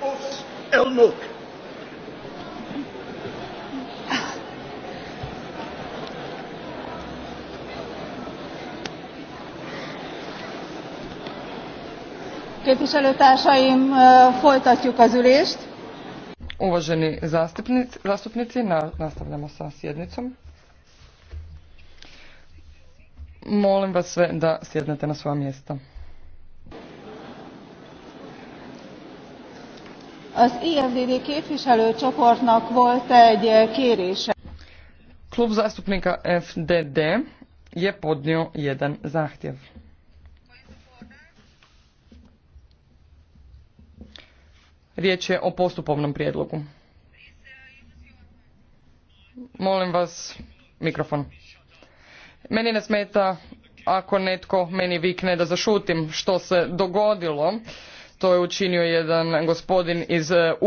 os eunuc. Képviselőtársaim, eh, folytatjuk az ülést. Uvaženi zastupnici, zastupnici nastavljamo sa sjednicom. Molim vas sve da sjednete na svoja mjesta. Az e volt Klub zastupnika FDD je podnio jedan zahtjev. Riječ je o postupovnom prijedlogu. Molim vas, mikrofon. Meni ne smeta ako netko meni vikne da zašutim što se dogodilo to je učinio jedan gospodin iz